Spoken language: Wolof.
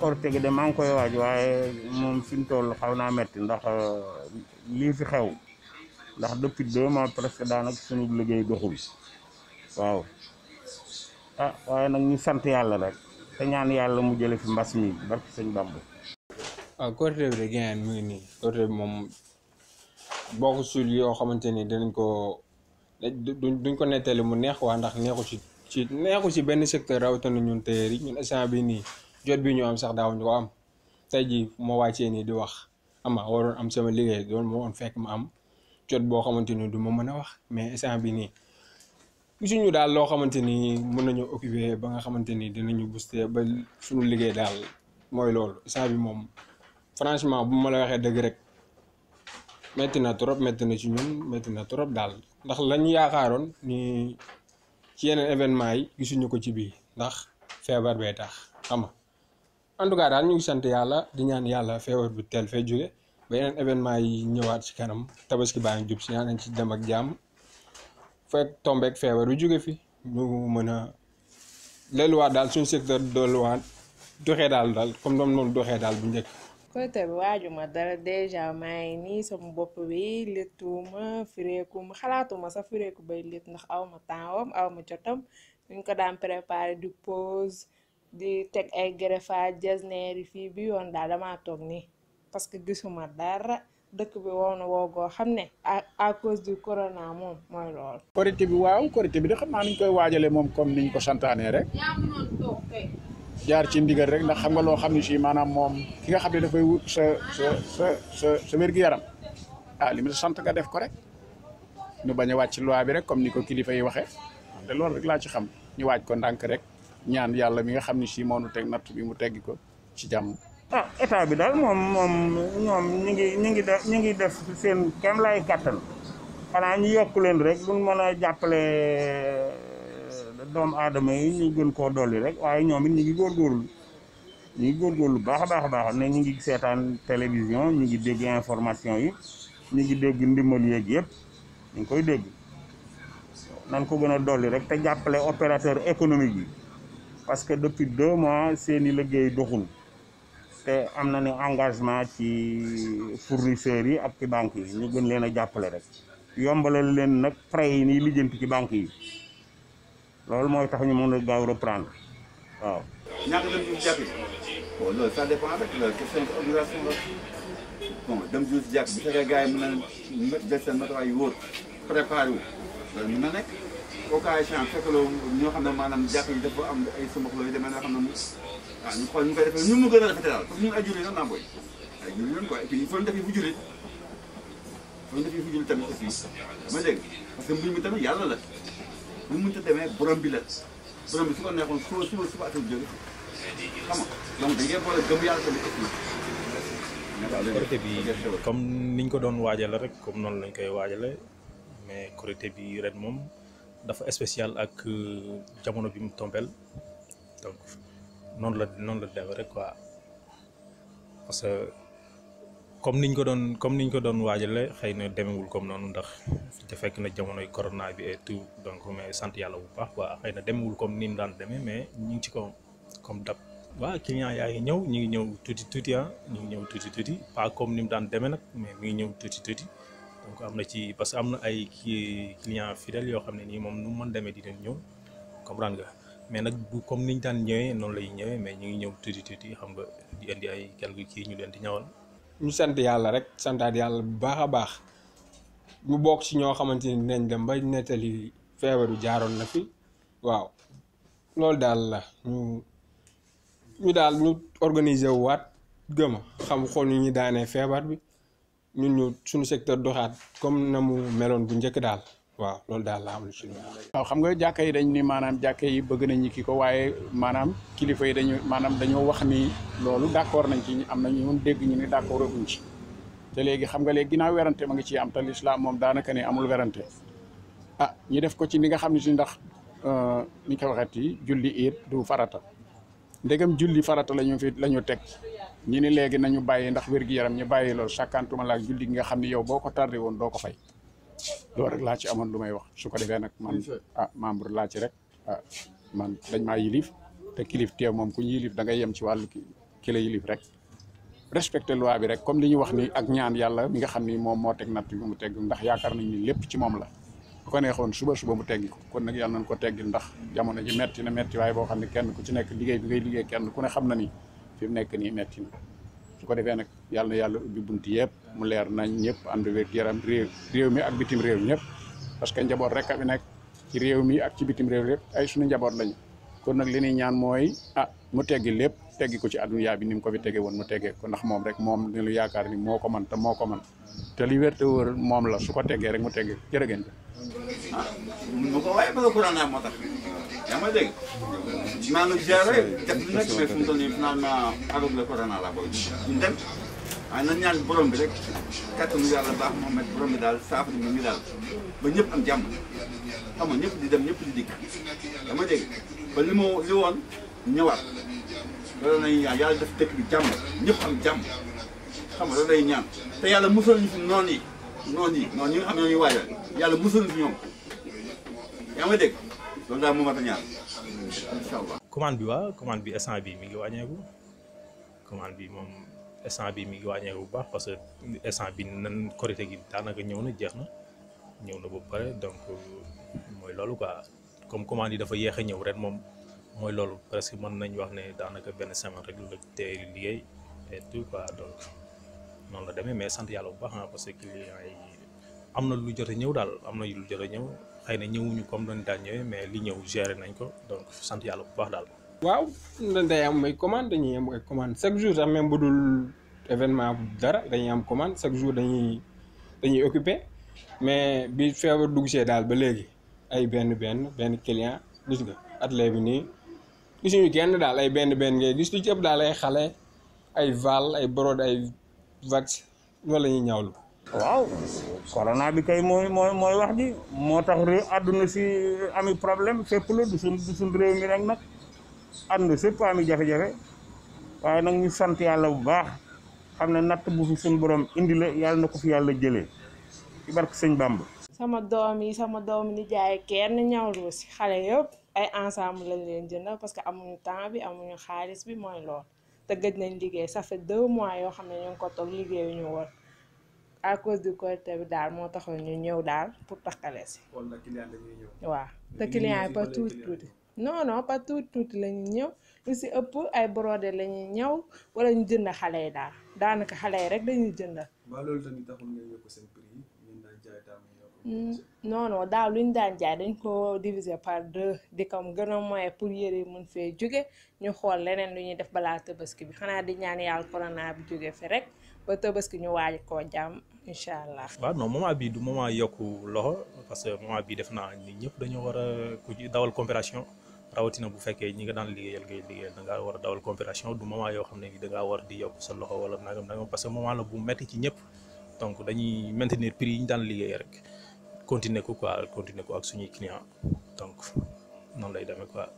or tege de maa ngi koy waaj waaye moom fi mu toll xaw naa metti ndax euh, lii fi xew ndax depuis deux mois presque daanaka suñu liggéey doxul waaw ah waaye nag ñu sant yàlla rek te ñaan yàlla mu jële fi mbas mi barki sëñ Bamba waaw ah, Korité bi de gën mu ngi nii Korité bi moom sul yoo xamante ko duñ ko netele mu neex waa ndax neexu ci ci neexu ci benn secteur rawatina ñun ñun jot bi ñu am sax daawuñu ko am tey jii moo wàccee nii di wax ama waroon am sama liggéey doon moo woon fekk ma am boo xamante ni du ma mën a wax mais instant bi nii gisuñu daal loo xamante ni mën nañu occuper ba nga xamante ni dinañu booster ba suñu liggéey daal mooy loolu instant bi moom franchement bu ma la waxee dëgg rek métti na trop métti na ci ñun métti na trop daal ndax lañu yaakaaroon ni ci yeneen événement yi gisuñu ko ci bii ndax feebar bee tax xam en tout daal ñu ngi sant yàlla di ñaan yàlla feebar bu teel fee jóge ba yeneen événement yi ñëwaat ci kanam tabaski baa ngi jub si ñaan nañ ci dem ak jàmm fekk tombeek feebar bu jóge fi ñu mën a leluwaat daal suñu secteur dooluwaat doxee daal daal comme doom noonu daal bu njëkk côté bi waajuma dara dèjà maa ngi nii sama bopp bi léttuwuma fireeku xalaatuma sax fireeku bay létt ndax awma temps wam awma jotam ñu ko daan préparé du pause di tek ay greffage neeri fi bi yoon daal damaa tok ni parce que gisuma dara dëkk bi wow na woo goo xam ne à cause du corona moom mooy lool. korite bi waaw korite bi de xam kan naa ni koy waajalee moom comme niñ ko santaanee ya, rek. jaar ci ndigal rek ndax xam nga loo xam ne si maanaam moom ki nga xam ne dafay wut sa sa sa sa sa yaram ah li ma sant nga def ko rek ñu bañ a wàcc loi bi rek comme ni ko kilifa yi waxee eh. de loolu rek laa ci xam ñu waaj ko ndànk rek. ñaan yàlla mi nga xam ne si moo nu teg natt bi mu teggi ko ci jàmm. ah état bi daal moom moom ñoom ñu ngi ñu ngi def ñu ngi def seen kem lay kàttan xanaa ñu yokk leen rek buñ mën a jàppale euh, doom aadama yi ñu gën koo dolli rek waaye ñoom it ñu ngi góorgóorlu ñu ngi góorgóorlu baax a baax a baax na ñu ngi seetaan télévision ñu ngi dégg information yi ñu ngi dégg ndimbal yeeg yëpp ñu ngi koy dégg nan ko gën a dolli rek te jàppale opérateur économique bi parce que depuis deux mois seeni liggéey doxul te am na ne engagement ci fournisseurs yi ak ci banques yi ñu gën leen a jàppale rek yombalal leen nag frais yi y lijjanti ci banques yi loolu mooy tax ñu mën a gaaw reprendre waaw. ñaata dem juuf jàpp bon loolu ça dépend rek loolu question organisation la bon dem juuf jàpp bu fekkee gars yi mën na jël seen préparé wu au cas échéant fekk loo ñoo xam ne maanaam jàpp yi dafa am ay sama looyu demee nga xam ne mu waaw ñu xool ñu koy defee ñun mu gën a rafetee daal parce que ñun ay jullit lan naa booy ay jullit lan quoi et puis il faut tamit yàlla la mu demee borom bi la borom bi su ko neexoon suba suba suba atul jóge da ngeen boole gëm yàlla tamit aussi korité bi comme niñ ko doon waajale rek comme noonu lañ koy waajale mais korité bi ren moom dafa spécial ak euh, jamono bi mu tombeel donc noonu la noonu la demee rek quoi parce que comme niñ ko doon comme niñ ko doon waajale xëy na demewul comme noonu ndax te fekk na jamonoy corona bi et tout donc mais sant yàlla bu baax quoi xëy na demewul comme ni mu daan demee ñu ngi ci ko comme dab waaw client yaa ngi ñëw ñu ngi ñëw tuuti tuuti ah ñu ngi ñëw tuuti tuuti pas comme ni mu daan demee nag mais mu ngi ñëw tuuti tuuti donc am na ci parce que am na ay kii client fidèles yoo xam ne nii moom nu mën demee di leen ñëw comprendre nga mais nag bu comme niñ daan ñëwee noonu lay ñëwee mais ñu ngi ñëw tuuti tuuti xam nga di indi kii ñu leen di ñëwal. ñu sant yàlla rek santaat yàlla bu baax a baax ñu bokk ci ñoo xamante ni dinañ dem ba nettali feebaru jaaroon na fi waaw loolu daal la ñu ñu daal ñu organiser waat gëma xam ni ñu daanee feebar bi. ñun ñu suñu secteur doxaat comme na mu meloon bu njëkk daal waaw loolu daal la am ci waaw xam nga jàkka yi dañ ni maanaam jàkka yi bëgg nañ ñi kii ko waaye maanaam kilifa yi dañu maanaam dañoo wax ni loolu d'accord nañ ci am nañu ñun dégg ñu ne d'accord aguñ ci te léegi xam nga léegi ginnaaw werante ma ngi ciy am te lislaam moom daanaka ne amul werante ah ñu def ko ci ni nga xam ne si ndax euh, ni ko waxeeti julli iid du farata ndegam julli farata la ñu fi la ñu teg ñu ni léegi nañu bàyyi ndax wér-gi-yaram ñu bàyyi loolu sàkkantuma laak julli gi nga xam ne yow boo ko tardé woon doo ko fay loolu rek laa ci amoon lu may wax su ko defee nag man ah membre laa ci rek ah man dañ maa yilif te kilif teew moom ku ñu yilif da yem ci wàllu ki la yilif rek respecté loi bi rek comme li ñu wax ni ak ñaan yàlla mi nga xam ni moom moo teg natt bi mu teg ndax yaakaar nañ ni lépp ci moom la ku ko neexoon suba suba mu teggi ko kon nag yàlla nañ ko teggil ndax jamono ji metti na metti waay boo xam ne kenn ku ci nekk liggéey bi ngay liggéey kenn ku ne xam na ni fi mu nekk nii metti na ko defee nag yàlla na yàlla ubbi bunt yëpp mu leer nañ ñëpp ànd wér yaram réew réew mi ak bitim réew ñëpp parce que njaboot rek a fi nekk ci réew mi ak ci bitim réew yëpp ay suñu njaboot lañu kon nag li ñuy ñaan mooy ah mu teggi lépp teggi ko ci adduna bi ni ko fi tege woon mu tege ko ndax moom rek moom ne lu yaakaar ni moo ko man te moo ko man te li wér moom la su ko tegee rek mu tegee jërë ngeen bu ma dégg maa ngi ziare def lu nekk mu bi rek kattanu yàlla baax Mouhamed ngi am jàmm xam nga ñëpp di dem ñëpp di dikk yaa ma ba li ma li woon ñëwaat loolu lañuy ñaan yàlla def dëkk bi jàmm ñëpp am jàmm xam nga loolu lay ñaan te yàlla musal ñu fi noon yi noon yi noon yi nga yàlla musal ñu fi ñoom yaa ngi dégg loolu daal moom la ñaan incha commande bi waa commande bi instant bi mi ngi wàññeeku commande bi moom instant bi mi ngi wàññeeku bu baax parce que instant bi nan korité gi daanaka ñëw na jeex na ñëw na ba pare donc mooy loolu quoi comme commande yi dafa yéex a ñëw rek moom. mooy loolu presque mën nañ wax ne daanaka benn semaine rek la tey liggéey et tout quoi donc noonu la demee mais sant yàlla bu baax ah, parce que client yi am na lu jot ñëw daal am na lu jot ñëw xëy na ñëwuñu comme dañ daan ñëwee mais li ñëw géré nañ ko donc sant yàlla bu baax daal. waaw day am ay commande dañuy am ay commande chaque jour sax même bu dul événement bu dara dañuy am commande chaque jour dañuy dañuy occupé mais bi feebar dugg see daal ba léegi ay benn benn benn client gis nga bi nii. gisuñu kenn daal ay benn benn ngay gis lu ci ëpp daal ay xale ay val ay brode ay vax wala la ñuy ñaawlu waaw corona bi kay mooy mooy mooy wax ji moo tax réew àdduna si ami problème fépp la du sun du sun réew mi rek nag àdduna sépp ami jafe-jafe waaye nag ñu sant yàlla bu baax xam ne natt bu fi sun borom indi la yàlla na ko fi yàlla jëlee ci barke sëñ Bamba sama domi sama domi ni jaay kenn ñawlu ci xalé yépp ay ensemble lañ leen jënd parce que amuñu temps bi amuñu xaaliss bi moy lool te gëj nañ liggéey ça fait 2 mois yo xamné ne ñu ngi ko toog ñu wol à cause du Korité bi daal mo taxoon ñu ñëw daal pour takalé ci kon client dañuy ñëw. waaw te client pas tout tout non non pas tout tout lañ ñëw ñu ci ëpp ay brodé lañ ñëw wala ñu jënd xalé yi daal daanaka xale rek dañuy jënd. ba loolu tamit taxul ngeen yokk seen prix Mm, non non daaw lu ñu daan jaay dañ ko diviser par deux di kam gën a moyen pour yére mun fee jóge ñu xool leneen lu ñuy def balaa tabaski bi xanaa di ñaan yàlla naa bi jóge fi rek ba tabaski ñu waaj ko jàmm incha allah. waaw non moment bii du moment loxo parce que moment bii def naa ñëpp dañoo war a ku dawal coopération rawatina bu fekkee ñi nga daan liggéeyal ngay liggéeyal da ngaa war a coopération du moment yoo xam ne da ngaa war di yokk loxo wala nangam nangam parce que a la bu metti ci ñëpp donc dañuy maintenir prix yi ñu daan liggéey rek. continuer ko quoi continuer ko ak suñuy client donc noonu lay demee quoi.